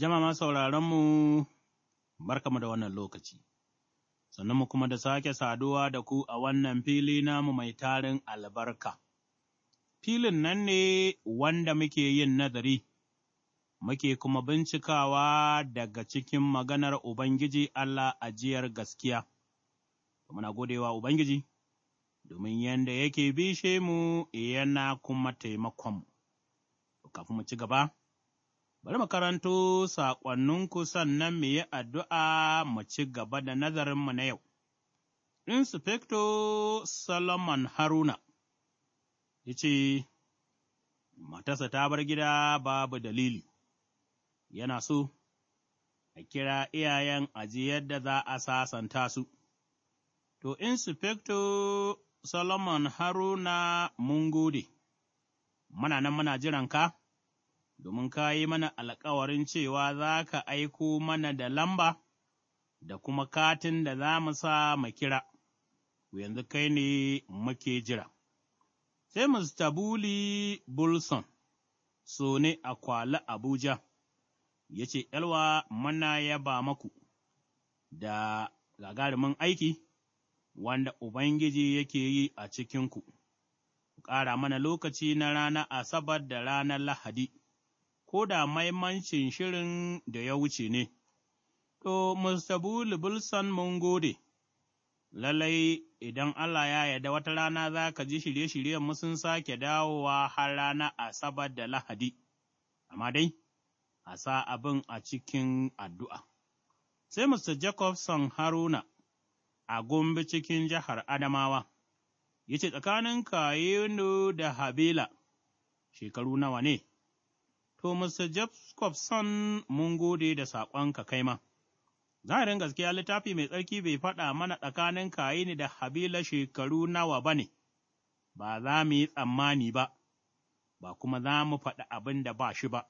Jama'a sauraronmu, barkamu da wannan lokaci, sannan mu kuma da sake saduwa da ku a wannan fili namu mai tarin albarka. Filin nan ne wanda muke yin nazari, muke kuma bincikawa daga cikin maganar Ubangiji Allah ajiyar gaskiya. Muna godewa Ubangiji, domin yanda yake bishe mu yana kuma taimakonmu. Kafin mu ci gaba. Bari mu karanto saƙonninku sannan mu yi addu'a mu ci gaba da nazarinmu na yau. Inspector Solomon Haruna ya ce, Matarsa ta bar gida babu dalili, yana so a kira iyayen aji yadda za a sasanta su. To, Inspector Solomon Haruna mun gode, muna nan muna jiran ka? domin ka yi mana alkawarin cewa za ka aiko mana da lamba da kuma katin da za mu sa mu kira, yanzu kai ne muke jira. Sai Mr. Bully Bulson, so ne a kwala Abuja, ya ce, ‘Yalwa mana yaba maku da gagarumin aiki wanda Ubangiji yake yi a cikinku, ku ƙara mana lokaci na rana Asabar da ranar Lahadi.’ ko da maimancin shirin da ya wuce ne. To, Mr. Bulu bulsan mun gode, lallai idan Allah ya yarda wata rana za ka ji shirye-shiryen mu sun sake dawowa har rana Asabar da Lahadi, amma dai, a sa abin a cikin addu'a. Sai Mr. Jacobson Haruna a Gombe cikin jihar Adamawa, ya ce tsakanin Kayenu da Habila, shekaru nawa ne? To, Mr. Jacobson, mun gode da saƙonka kai ma. Zahirin gaskiya littafi mai tsarki bai faɗa mana tsakanin Kayini da Habila shekaru nawa ba ne, ba za mu yi tsammani ba, ba kuma za mu faɗi abin da ba shi ba,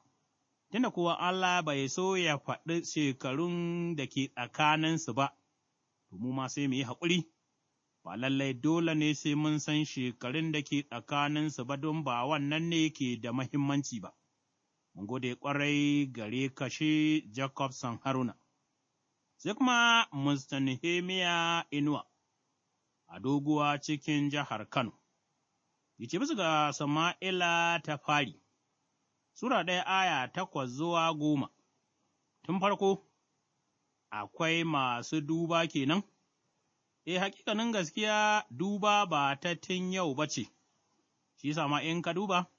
tunda kuwa Allah bai so ya faɗi shekarun da ke tsakaninsu ba, to mu ma sai mu yi haƙuri, ba lallai dole ne sai mun san shekarun da ke tsakaninsu ba don ba wannan ne ke da mahimmanci ba. mun gode ƙwarai gare ka shi Jacobson Haruna, sai kuma Mr. Nehemiah Inuwa a doguwa cikin jihar Kano, yace bisa ga Sama'ila ta fari, Sura ɗaya aya takwas zuwa goma, tun farko akwai masu duba kenan? E, hakikanin gaskiya duba ba ta tun yau ba ce, shi sama in ka duba?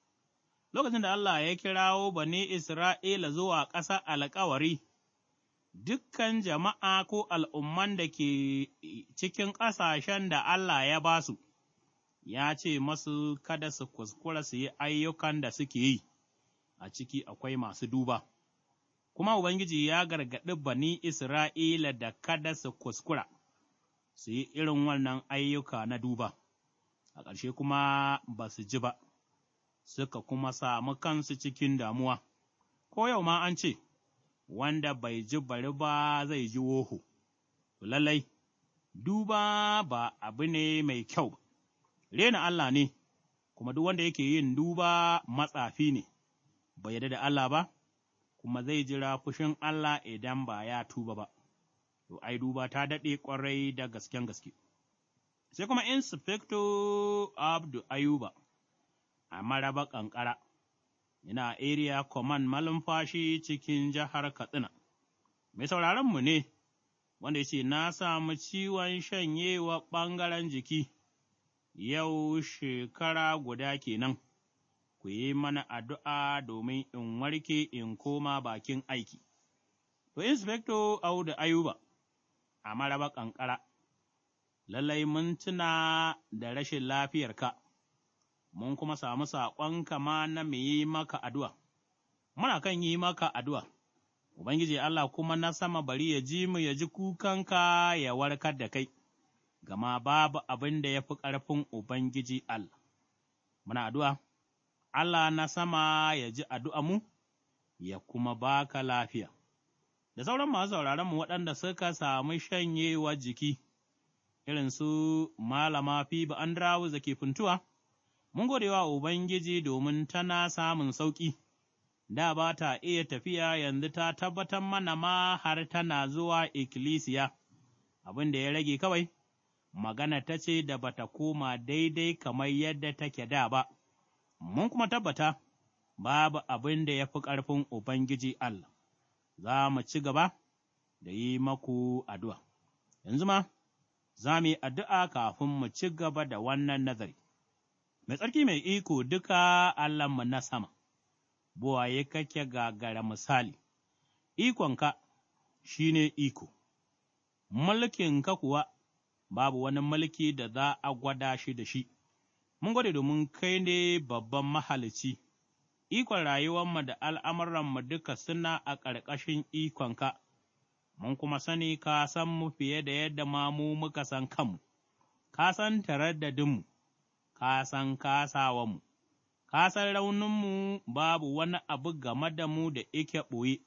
lokacin da Allah ya kirawo bani Isra'ila zuwa ƙasa alkawari, dukkan jama'a ko al'umman da ke cikin ƙasashen da Allah ya ba su, ya ce masu kada su kuskura su yi ayyukan da suke yi, a ciki akwai masu duba. Kuma Ubangiji ya gargaɗi bani Isra'ila da kada su kuskura, su yi irin wannan ayyuka na duba, a ƙarshe kuma ba su ji ba. suka kuma samu kansu cikin damuwa, ko yau ma an ce, Wanda bai ji bari ba zai ji woho, lallai, duba ba abu ne mai kyau ba, rena Allah ne, kuma duk wanda yake yin duba matsafi ne, Ba yarda da Allah ba, kuma zai jira fushin Allah idan ba ya tuba ba, to ai duba ta daɗe ƙwarai da gasken gaske. Sai kuma inspector Abdu Ayuba. a maraba ƙanƙara, ina area command malumfashi cikin jihar Katsina. Mai mu ne, wanda ya ce, Na samu ciwon shanyewa ɓangaren jiki, yau shekara guda kenan, ku yi mana addu'a domin in warke in koma bakin aiki. To, Inspector Audu Ayuba, a maraba ƙanƙara, lallai mun tuna da rashin lafiyarka. mun kuma samu saƙon kama na mu yi maka addu'a, muna kan yi maka addu'a, Ubangiji Allah kuma na sama bari ya ji mu ya ji kukanka ya warkar da kai, gama babu abin da ya fi ƙarfin Ubangiji Allah. Muna addu'a, Allah na sama ya ji addu'a mu, ya kuma baka lafiya. Da sauran masu mu waɗanda suka samu shanyewa jiki, irin su Malama Fiba Andrawu da ke funtuwa. mun gode wa Ubangiji domin tana samun sauƙi, da ba ta iya tafiya yanzu ta tabbatar mana ma har tana zuwa ikkilisiya, abin da ya rage kawai, magana ta ce da bata koma daidai kamar yadda take da ba, mun kuma tabbata babu abin da ya fi ƙarfin Ubangiji Allah, za mu ci gaba da yi maku addu'a. Yanzu ma, za mu yi addu'a kafin mu ci gaba da wannan nazari. mai tsarki mai iko duka mu na sama, buwaye kake gagara misali, ikonka shi ne iko, mulkinka kuwa babu wani mulki da za a gwada shi da shi, mun gwada domin kai ne babban mahalici, ikon rayuwarmu da al'amuranmu duka suna a ƙarƙashin ikonka, mun kuma sani ka san mu fiye da yadda ma mu muka san kanmu, ka san taraddadinmu. ka san mu. ka san rauninmu babu wani abu game da mu da ike ɓoye,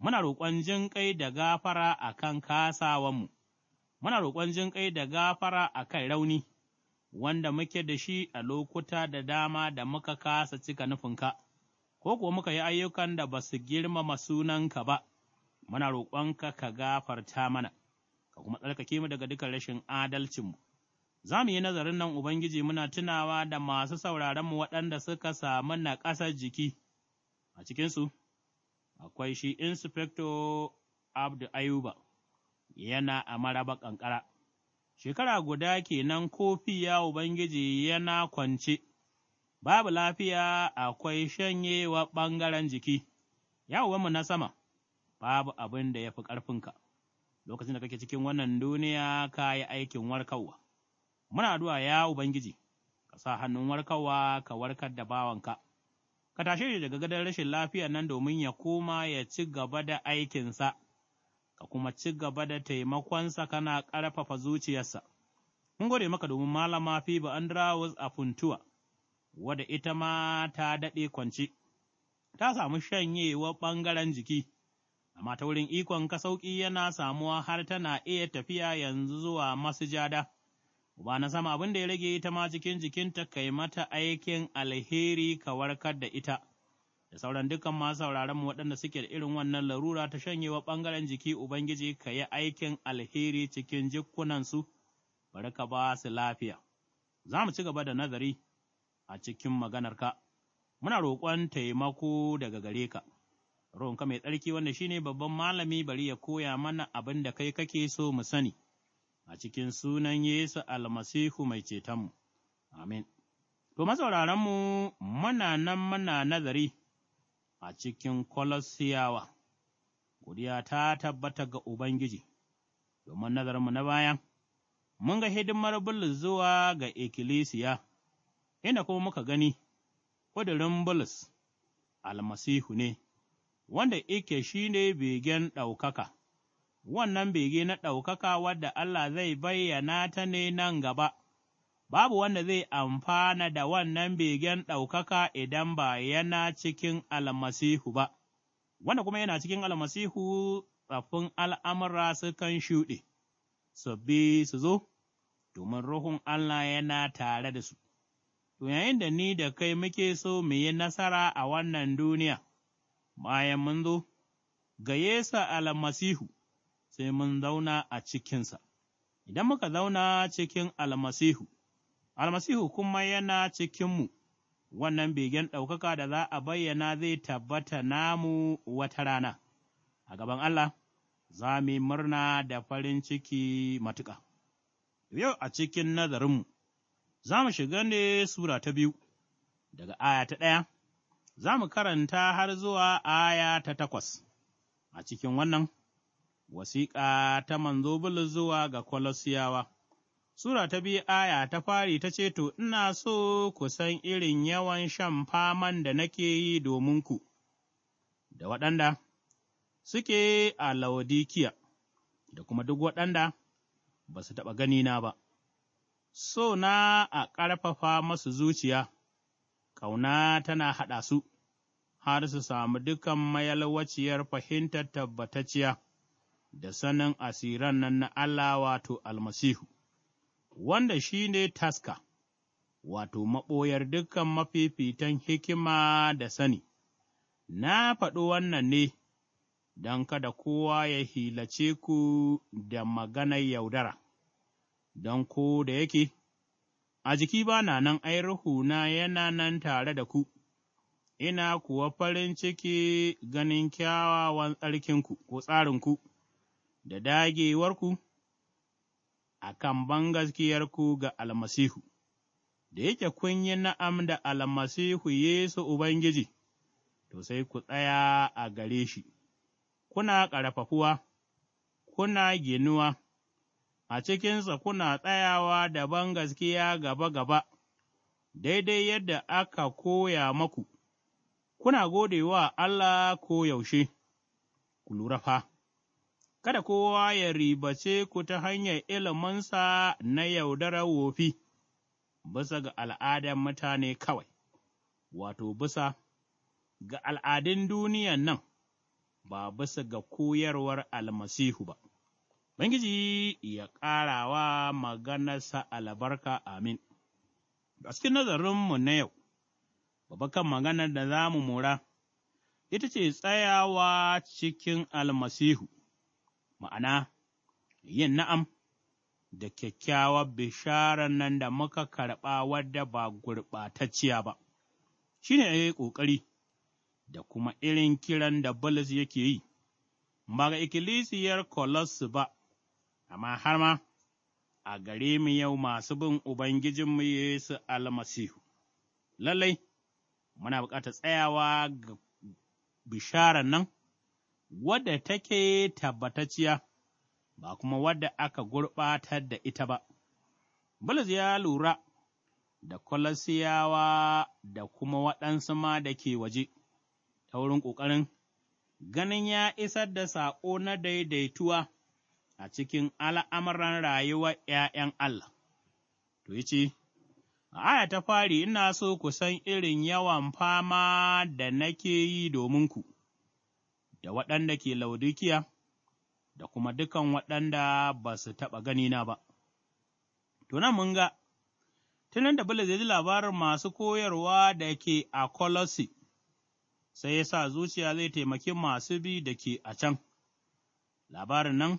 muna roƙon jin ƙai da gafara a kan mu muna roƙon jin ƙai da gafara a kan rauni, wanda muke da shi a lokuta da dama da muka kasa cika nufinka, ko kuwa muka yi ayyukan da ba su girmama sunanka ba, muna roƙonka ka gafarta mana, ka kuma tsarkake mu daga dukan rashin adalcinmu. za mu yi nazarin nan Ubangiji muna tunawa da masu mu waɗanda suka samu na ƙasar jiki, a cikinsu akwai shi Inspector Abdu Ayuba, yana a maraba ƙanƙara. Shekara guda kenan kofi ya Ubangiji yana kwance, babu lafiya akwai shanyewa ɓangaren jiki, Yawonmu na sama, babu abin da ya fi ƙarfinka. Lokacin da kake cikin wannan duniya ka yi aikin warkarwa. muna addu'a ya Ubangiji, ka sa hannun warkarwa ka warkar da bawanka, ka tashe shi daga gadon rashin lafiya nan domin ya koma ya ci gaba da aikinsa, ka kuma ci gaba da taimakonsa kana ƙarfafa zuciyarsa. Mun gode maka domin malama Fiba Andrawus a Funtuwa, wadda ita ma ta daɗe kwance, ta samu shanyewa ɓangaren jiki. amma ta wurin ikon ka sauƙi yana samuwa har tana iya tafiya yanzu zuwa masu jada. Uba na sama abin da ya rage ita ma cikin jikinta kai mata aikin alheri ka warkar da ita, da sauran dukan masu sauraronmu waɗanda suke da irin wannan larura ta shanye wa ɓangaren jiki Ubangiji ka yi aikin alheri cikin jikunansu, bari ka ba su lafiya. Za mu ci gaba da nazari a cikin maganarka, muna roƙon taimako daga gare ka. Ruwanka mai tsarki wanda shine babban malami bari ya koya mana abin da kai kake so mu sani. a cikin sunan Yesu almasihu mai cetonmu, amin. To, masauraranmu muna nan muna nazari a cikin Kolosiyawa, godiya ta tabbata ga Ubangiji, domin nazarinmu na bayan, mun ga hidimar Bulus zuwa ga ikkilisiya, inda kuma muka gani, ƙudurin Bulus almasihu ne, wanda ike shi ne begen ɗaukaka. wannan bege na ɗaukaka wadda Allah zai bayyana ta ne nan gaba, babu wanda zai amfana da wannan begen ɗaukaka idan ba yana cikin almasihu ba, wanda kuma yana cikin almasihu tsaffin al'amura sukan shuɗe, su bi su zo, domin Ruhun Allah yana tare da su. To yayin da ni da kai muke so mu yi nasara a wannan duniya, bayan mun zo, ga Yesu almasihu. sai mun zauna a cikinsa, idan muka zauna cikin almasihu, almasihu kuma yana cikinmu, wannan begen ɗaukaka da za a bayyana zai tabbata namu wata rana, a gaban Allah za mu murna da farin ciki matuƙa. Yau a cikin nazarinmu, za mu shiga ne Sura ta biyu, daga aya ta ɗaya, za mu karanta har zuwa aya ta takwas, a cikin wannan. Wasiƙa ta manzo Bulus zuwa ga Kolosiyawa Sura ta biyu aya ta fari ta ce, To, ina so ku san irin yawan shan faman da nake yi domin ku, da waɗanda suke a Laodikiya, da kuma duk waɗanda ba su taɓa ganina ba, so na a ƙarfafa masu zuciya, ƙauna tana haɗa su, har su samu dukan mayalwaciyar fahimtar tabbatacciya. da sanin asiran nan na Allah wato almasihu, wanda shi ne taska, wato maɓoyar dukkan mafifitan hikima da sani, na faɗo wannan ne don kada kowa ya hilace ku da maganar yaudara, don ko da yake, a jiki ba na nan ai na yana nan tare da ku. ina kuwa farin ciki ganin kyawawan tsarkinku ko tsarinku, da dagewarku a kan bangaskiyarku ga almasihu, da yake kun yi na'am da almasihu Yesu Ubangiji, to sai ku tsaya a gare shi, kuna ƙarfafuwa, kuna ginuwa, a cikinsa kuna tsayawa da bangaskiya gaba-gaba, daidai yadda aka koya maku, kuna gode wa Allah koyaushe, ku lura fa. kada kowa ya ribace ku ta hanyar iliminsa na yaudarar wofi, bisa ga al'adar mutane kawai, wato bisa ga al'adun duniyan nan, ba bisa ga koyarwar almasihu ba. Bangiji ya ƙarawa maganarsa albarka amin. A cikin nazarinmu na yau, kan maganar da za mu mura, ita ce tsayawa cikin almasihu. ma'ana yin na'am da kyakkyawar bisharar nan da muka karɓa wadda ba gurɓatacciya ba, shi ne ya yi ƙoƙari da kuma irin kiran da Bulus yake yi, ba ga ikkilisiyar Colossus ba, amma har ma a gare mu yau masu bin Ubangijinmu Yesu almasihu. Lallai, muna buƙatar tsayawa ga bisharar nan. wadda take tabbatacciya, ba kuma wadda aka gurɓatar da ita ba. Bulus ya lura da Kolosiyawa da kuma waɗansu ma da ke waje, ta wurin ƙoƙarin ganin ya isar da saƙo na daidaituwa a cikin al'amuran rayuwar ’ya'yan Allah. To yi ce, aya ta fari ina so ku san irin yawan fama da nake yi domin ku. da waɗanda ke laudikiya da kuma dukan waɗanda ba su taɓa ganina ba. Tunan mun ga, tunan da Bulus ya ji labarin masu koyarwa da ke a Colossi, sai ya sa zuciya zai taimaki masu bi da ke a can. Labarin nan,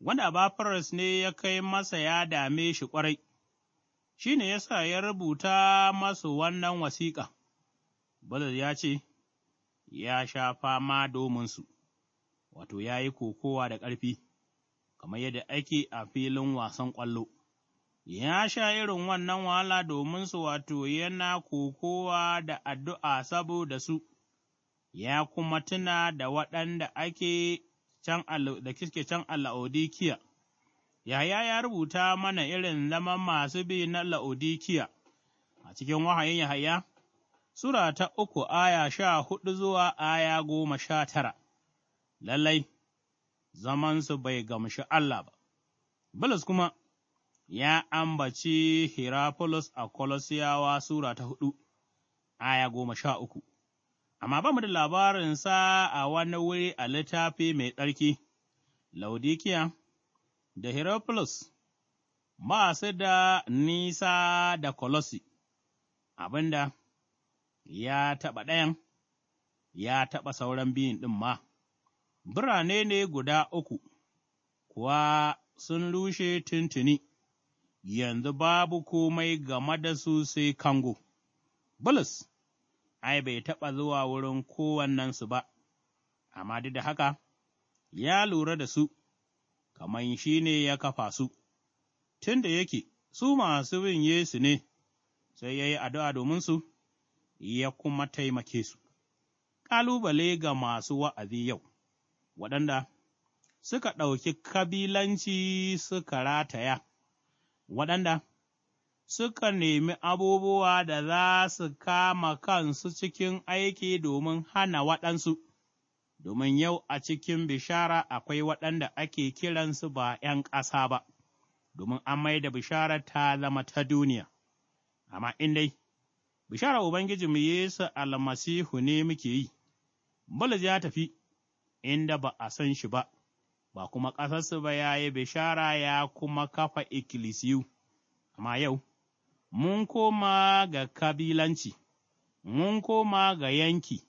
wanda Abafaras ne ya kai masa ya dame shi ƙwarai, shi ne ya sa ya rubuta masu wannan wasiƙa. Bulus ya ce, ya sha fama dominsu, wato ya yi kokowa da ƙarfi, kamar yadda ake a filin wasan ƙwallo. Ya sha irin wannan wahala domin su wato yana kokowa da addu'a saboda su, ya kuma tuna da waɗanda ake can da kiske can Laodikiya. Yaya ya rubuta mana irin zaman masu bi na Laodikiya a cikin wahayin Yahaya, Sura ta uku aya sha hudu zuwa aya goma sha tara, lallai, zamansu bai gamshi Allah ba, Bulus kuma ya ambaci Hirafulus a Kolosiyawa Sura ta hudu, aya goma sha uku, amma ba mu da labarinsa a wani wuri a littafi mai tsarki, Laudikiya da Hirafulus ba su da nisa da Kolosi, abinda ya taɓa ɗayan, ya taɓa sauran biyun ɗin ma, birane ne guda uku, kuwa sun rushe tuntuni, yanzu babu komai game da su sai kango. Bulus, ai, bai taɓa zuwa wurin kowannensu ba, amma duk da haka, ya lura da su, kamar shi ne ya kafa su, tun da yake su masu bin Yesu ne, sai ya yi addu'a su. ya kuma taimake su. Ƙalubale ga masu wa'azi yau, waɗanda suka ɗauki kabilanci suka rataya, waɗanda suka nemi abubuwa da za su kama kansu cikin aiki domin hana waɗansu, domin yau a cikin bishara akwai waɗanda ake kiransu ba ’yan ƙasa ba, domin an mai da bishara ta zama ta duniya, amma in dai bishara Ubangijinmu Yesu almasihu ne muke yi, Bulus ya tafi inda ba a san shi ba, ba kuma ƙasarsu ba ya yi bishara ya kuma kafa ikkilisiyu, amma yau, mun koma ga kabilanci, mun koma ga yanki,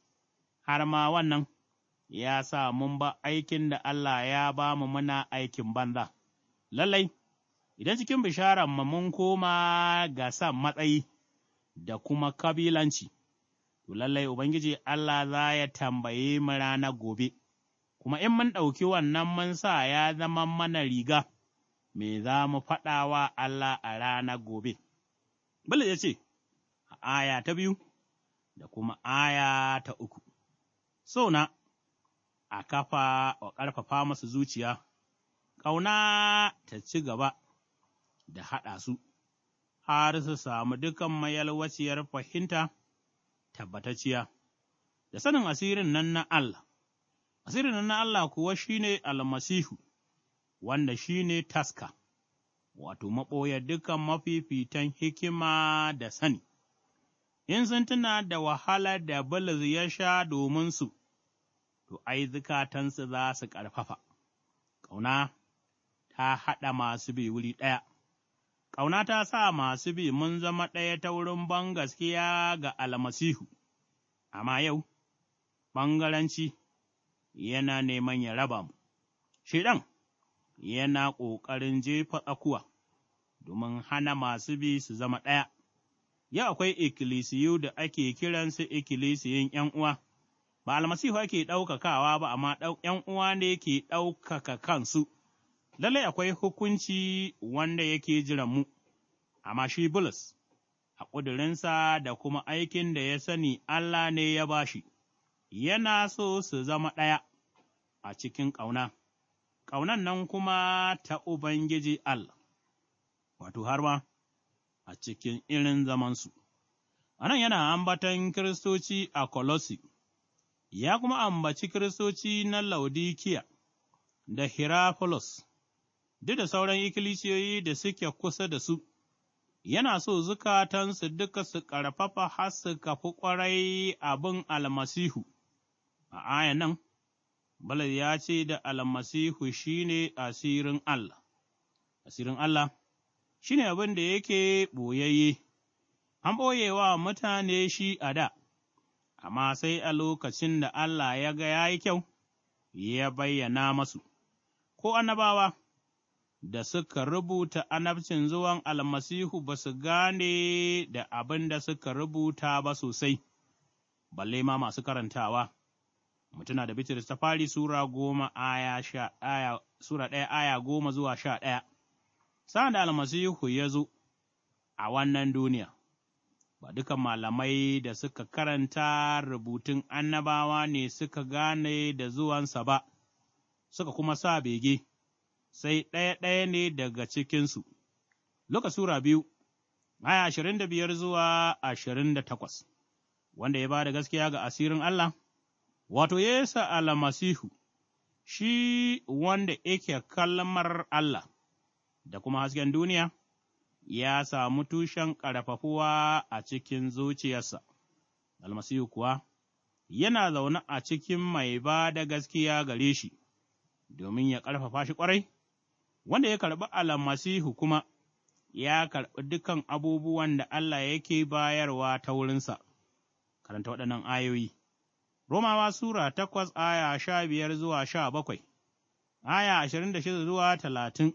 har ma wannan ya sa mun ba aikin da Allah ya ba mu muna aikin banza. Lallai, idan cikin bisharar mun koma ga san matsayi. da kuma kabilanci, to lallai Ubangiji Allah za ya tambaye mu rana gobe, kuma in mun ɗauki wannan mun sa ya zama mana riga, me za mu faɗa wa Allah a rana gobe. Bala ya ce, aya ta biyu da kuma aya ta uku, so na a kafa wa ƙarfafa masu zuciya, ƙauna ta ci gaba da haɗa su. har su samu dukan mayalwaciyar fahimta tabbatacciya, da sanin asirin nan na Allah, asirin nan na Allah kuwa shi ne almasihu, wanda shi ne taska, wato maɓoya dukan mafifitan hikima da sani. In sun tuna da wahala da Bulus ya sha domin su, to ai zukatansu za su ƙarfafa, ƙauna ta haɗa masu bi wuri ɗaya. ƙauna ta sa masu bi mun zama ɗaya ta wurin bangaskiya ga almasihu, amma yau, ɓangaranci yana neman ya raba mu, shiɗan yana ƙoƙarin jefa tsakuwa domin hana masu bi su zama ɗaya. Yau akwai ikkilisiyu da ake kiransu ikkilisiyin ’yan uwa, ba almasihu ake ɗaukakawa ba, amma ’yan uwa ne ke ɗaukaka kansu. lallai akwai hukunci wanda yake jiran mu, amma shi Bulus, a ƙudurinsa da kuma aikin da ya sani Allah ne ya ba shi, yana so su zama ɗaya a cikin ƙauna, ƙaunan nan kuma ta Ubangiji Allah, wato har a cikin irin zamansu. A nan yana ambatan Kiristoci a Kolosi, ya kuma ambaci Kiristoci na Laodikiya da Hierapolis. duk da sauran ikkilisiyoyi da suke kusa da su, yana so zukatansu duka su ƙarfafa har su kafi ƙwarai abin almasihu. A aya nan, Balad ya ce da almasihu shi ne asirin Allah, asirin Allah shi ne abin da yake ɓoyayye, an ɓoye wa mutane shi a da, amma sai a lokacin da Allah ya ga ya yi kyau, ya bayyana masu, ko annabawa. da suka rubuta annabcin zuwan almasihu ba su gane da abin da suka rubuta ba sosai, balle ma masu karantawa. Mutuna da Bitrus ta fari Sura goma aya sha aya, Sura ɗaya aya goma zuwa sha ɗaya. Sa'an da almasihu ya zo a wannan duniya, ba dukan malamai da suka karanta rubutun annabawa ne suka gane da zuwansa ba, suka kuma sa bege. sai ɗaya ɗaya ne daga cikinsu. Luka Sura biyu, aya ashirin da biyar zuwa ashirin da takwas, wanda ya ba da gaskiya ga asirin Allah, wato Yesu almasihu shi wanda yake kalmar Allah da kuma hasken duniya, ya samu tushen ƙarfafuwa a cikin zuciyarsa, almasihu kuwa yana zaune a cikin mai ba da gaskiya gare shi, domin ya ƙarfafa shi ƙwarai. wanda ya karɓi almasihu kuma ya karɓi dukan abubuwan da Allah yake bayarwa ta wurinsa. Karanta waɗannan ayoyi. Romawa Sura takwas aya sha biyar zuwa sha bakwai, aya ashirin da shida zuwa talatin,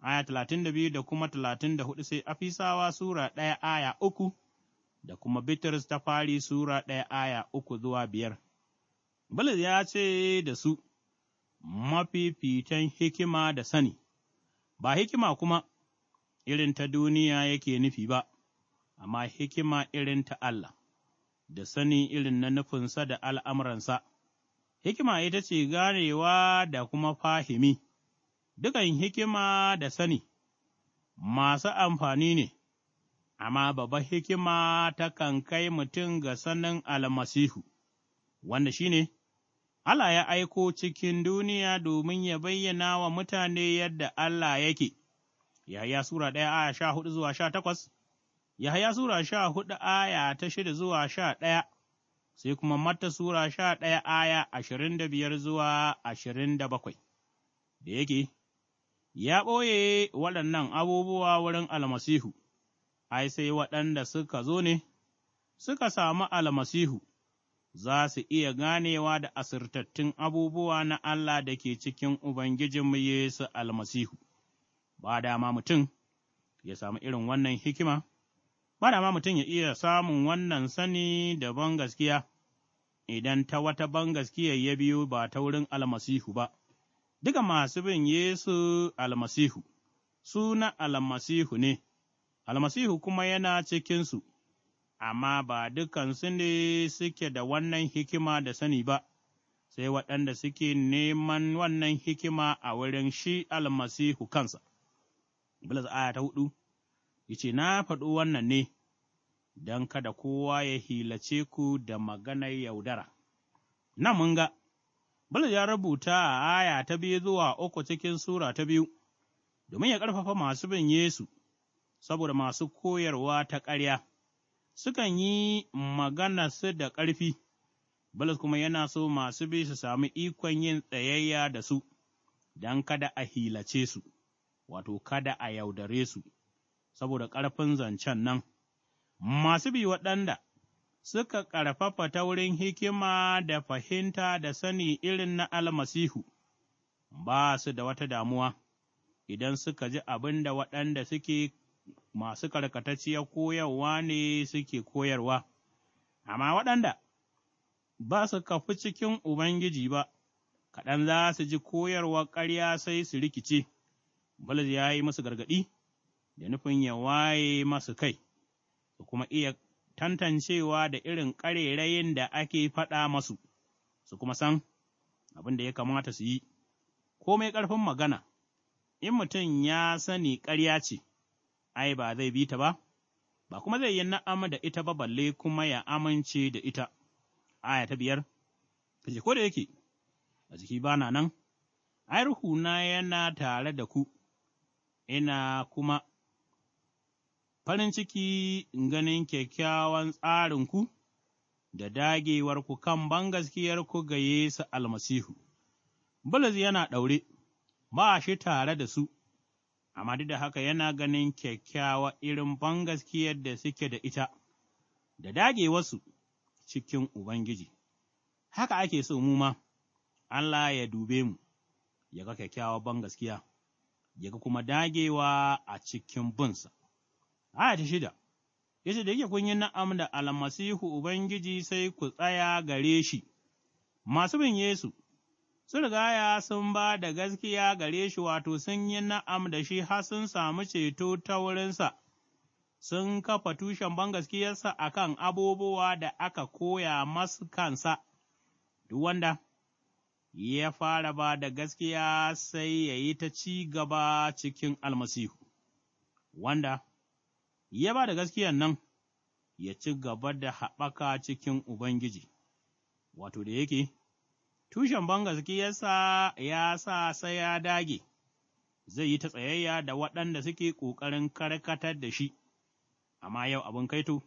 aya talatin da biyu da kuma talatin da hudu sai Afisawa Sura ɗaya aya uku da kuma Bitrus ta fari Sura ɗaya aya uku zuwa biyar. Bulus ya ce da su, mafifitan hikima da sani. ba hikima kuma irin ta duniya yake nufi ba, amma hikima irin ta Allah, da sani irin na nufinsa da al'amuransa, hikima ita ce ganewa da kuma fahimi, dukan hikima da sani, masu amfani ne, amma babba hikima takan kai mutum ga sanin almasihu, wanda shi ne Allah ya aiko cikin duniya domin ya bayyana wa mutane yadda Allah yake, Yahaya Sura ɗaya aya sha hudu zuwa sha takwas, Yahaya Sura sha hudu aya ta shida zuwa sha ɗaya, sai kuma Matta Sura sha ɗaya aya ashirin da biyar zuwa ashirin da bakwai, da yake, ya ɓoye waɗannan abubuwa wurin almasihu, ai sai waɗanda suka zo ne, suka samu almasihu. za su iya ganewa da asirtattun abubuwa na Allah da ke cikin Ubangijinmu Yesu almasihu, ba dama mutum ya samu irin wannan hikima, ba dama mutum ya iya samun wannan sani da gaskiya idan ta wata gaskiya ya biyo ba ta wurin almasihu ba, duka masu bin Yesu almasihu, suna almasihu ne, almasihu kuma yana cikinsu. amma ba dukansu ne suke da wannan hikima da sani ba, sai waɗanda suke neman wannan hikima a wurin shi almasihu kansa. Bilas aya ta hudu, yace Na faɗo wannan ne, don kada kowa ya hilace ku da maganar yaudara. Na mun ga, Bilas ya rubuta a aya ta biyu zuwa uku cikin Sura ta biyu, domin ya ƙarfafa masu bin Yesu, saboda masu koyarwa ta ƙarya. sukan yi magana su da ƙarfi, balas kuma yana so masu bi su sami ikon yin tsayayya da su, don kada a hilace su, wato kada a yaudare su, saboda ƙarfin zancen nan. Masu bi waɗanda suka ƙarfafa ta wurin hikima da fahimta da sani irin na almasihu, ba su da wata damuwa, idan suka ji abin da waɗanda suke masu karkatacciyar koyarwa ne suke koyarwa, amma waɗanda ba su kafi cikin Ubangiji ba, kaɗan za su ji koyarwar ƙarya sai su rikice, Bulus ya yi musu gargaɗi da nufin ya waye masu kai, su kuma iya tantancewa da irin ƙarerayin da ake faɗa masu, su kuma san abin da ya kamata su yi, komai ƙarfin magana, in mutum ya sani ƙarya ce. ai, ba zai bi ta ba, ba kuma zai yi na'ama da ita ba balle kuma ya amince da ita, aya ta biyar, kace ko da yake, a jiki ba na nan, ai, ruhuna yana tare da ku, ina kuma farin ciki ganin kyakkyawan tsarinku da dagewar ku kan ban ku ga Yesu almasihu. Bulus yana ɗaure, ba shi tare da su, amma duk da haka yana ganin kyakkyawa irin ban bangaskiyar da suke da ita, da dagewarsu cikin Ubangiji. Haka ake so mu ma, Allah ya dube mu, ya ga kyakkyawa bangaskiya, ya ga kuma dagewa a cikin bunsa. Aya ta shida, yace da yake kun yi na'am da almasihu Ubangiji sai ku tsaya gare shi, masu bin Yesu. sun rigaya sun ba da gaskiya gare shi wato sun yi na'am da shi har sun samu ceto ta wurinsa, sun kafa tushen ban gaskiyarsa a kan abubuwa da aka koya masu kansa, duk wanda ya fara ba da gaskiya sai ya yi ta ci gaba cikin almasihu, wanda ya ba da gaskiyan nan ya ci gaba da haɓaka cikin Ubangiji, wato da yake. tushen bangaskiyarsa ya sa sai ya dage, zai yi ta tsayayya da waɗanda suke ƙoƙarin karkatar da shi, amma yau abin kaito,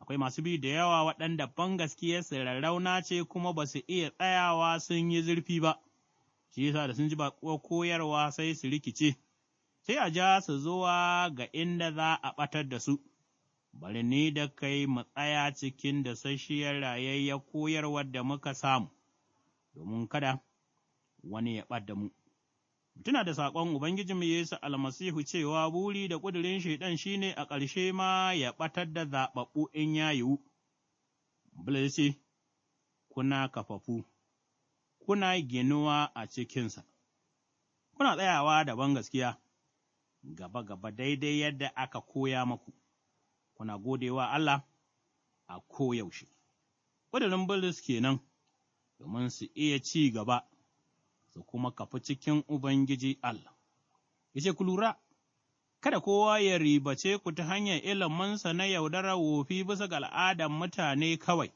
akwai masu bi da yawa waɗanda bangaskiyarsa rarrauna ce kuma ba su iya tsayawa sun yi zurfi ba, shi yasa da sun ji ba koyarwa sai su rikice, sai a ja su zuwa ga inda za a ɓatar da su. Bari ni da kai mu tsaya cikin da sashiyar rayayya koyarwar da muka samu, domin kada wani ya ɓad da mu. Tuna da saƙon Ubangijinmu Yesu almasihu cewa buri da ƙudurin shaiɗan shi ne a ƙarshe ma ya ɓatar da zaɓaɓɓu in ya yiwu. Bilisi, kuna kafafu, kuna ginuwa a cikinsa, kuna tsayawa da ban gaskiya, gaba-gaba daidai yadda aka koya maku, kuna godewa Allah a koyaushe. Ƙudurin Bilis kenan. domin su iya ci gaba, su kuma kafi cikin Ubangiji Allah. Yace ku lura, kada kowa ya ribace ku ta hanyar ilimansa na yaudara wofi bisa ga al'adar mutane kawai,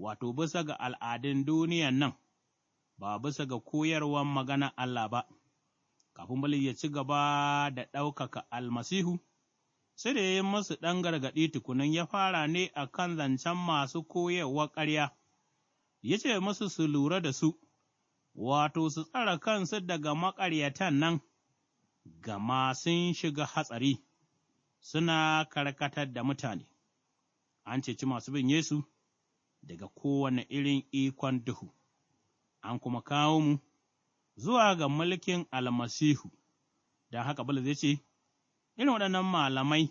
wato bisa ga al'adun duniyan nan, ba bisa ga koyarwar magana Allah ba. Kafin Bali ya ci gaba da ɗaukaka almasihu, sai da ya yi masu ɗan gargaɗi tukunan ya fara ne a kan zancen masu koyarwa ƙarya. ya ce musu su lura da su, wato su tsara kansu daga maƙaryatan nan, gama sun shiga hatsari, suna karkatar da mutane, an ceci masu bin Yesu daga kowane irin ikon duhu, an kuma kawo mu zuwa ga mulkin almasihu, don haka Bala zai ce, Irin waɗannan malamai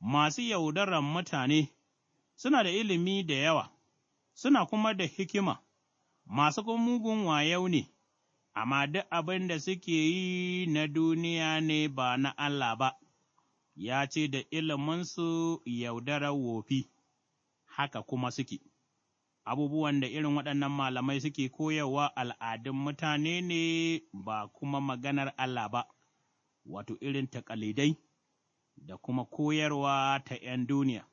masu yaudarar mutane suna da ilimi da yawa. suna kuma da hikima, masu kuma mugun wayau ne, amma duk abin da suke yi na duniya ne ba na Allah ba, ya ce da iliminsu yaudarar wofi, haka kuma suke. Abubuwan da irin waɗannan malamai suke koyarwa al'adun mutane ne ba kuma maganar Allah ba, wato irin taƙalidai da kuma koyarwa ta ’yan duniya,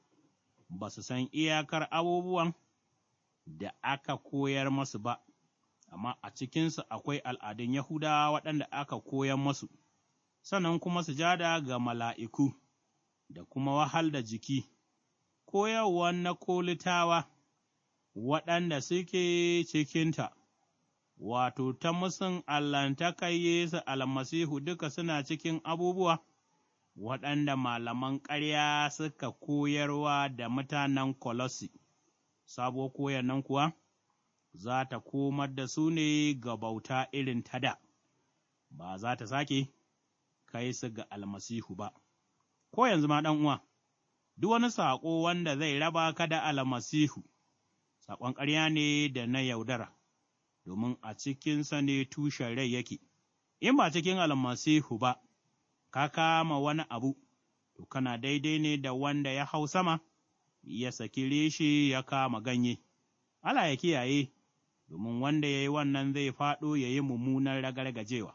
ba su san iyakar abubuwan. da aka koyar masu ba, amma a cikinsu akwai al'adun Yahuda waɗanda aka koyar masu, sannan kuma sujada ga mala'iku da kuma wahal da jiki, koyarwar na kolitawa waɗanda suke cikinta. Wato, ta musun Allahntakai Yesu almasihu duka suna cikin abubuwa waɗanda malaman ƙarya suka koyarwa da mutanen Kolosi. Sabuwar koyan nan kuwa za ta komar da su ne ga bauta irin ta da, ba za ta sake kai su ga almasihu ba. Ko yanzu ma uwa, duk wani saƙo wanda zai raba ka da almasihu, saƙon ƙarya ne da na yaudara, domin a cikinsa ne tushen rai yake, in ba cikin almasihu ba, ka kama wani abu, to kana daidai ne da wanda ya hau sama. ya saki reshe ya kama ganye. Allah ya kiyaye, domin wanda ya yi wannan zai faɗo ya yi mummunan gajewa.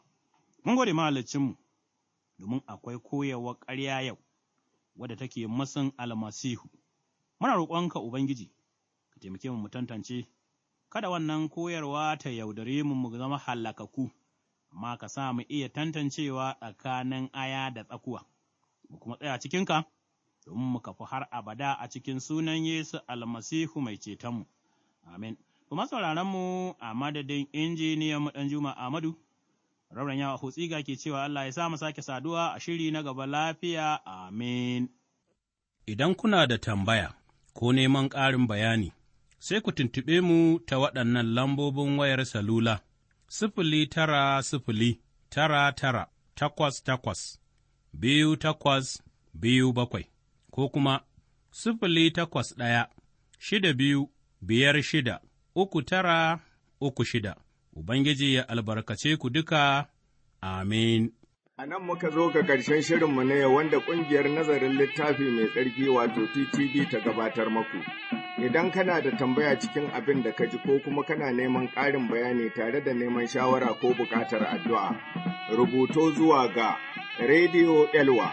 Mun gode mahalicinmu, domin akwai koyarwar ƙarya yau, wadda take masin almasihu. Muna roƙonka Ubangiji, ka taimake mu mu tantance, kada wannan koyarwa ta yaudare mu mu zama hallakaku, amma ka sa mu iya tantancewa tsakanin aya da tsakuwa, mu kuma tsaya cikinka. domin mu kafu har abada a cikin sunan Yesu almasihu mai cetonmu. Amin. Kuma mu a madadin injiniyan ɗan Juma Amadu, Rabran Yawa Hutsiga ke cewa Allah ya sa mu sake saduwa a shiri na gaba lafiya. Amin. Idan kuna da tambaya ko neman ƙarin bayani, sai ku tuntuɓe mu ta waɗannan lambobin wayar salula, sifili tara sifili, tara tara, takwas takwas, biyu takwas, biyu bakwai. ko kuma sifili takwas ɗaya, shida biyu, biyar shida, uku tara, uku shida. Ubangiji ya albarkace ku duka, amin. A nan muka zo ga ƙarshen shirinmu ne wanda ƙungiyar nazarin littafi mai tsarki wato TTD ta gabatar maku. Idan kana da tambaya cikin abin da ka ji ko kuma kana neman ƙarin bayani tare da neman shawara ko buƙatar addu'a, rubuto zuwa ga Radio Elwa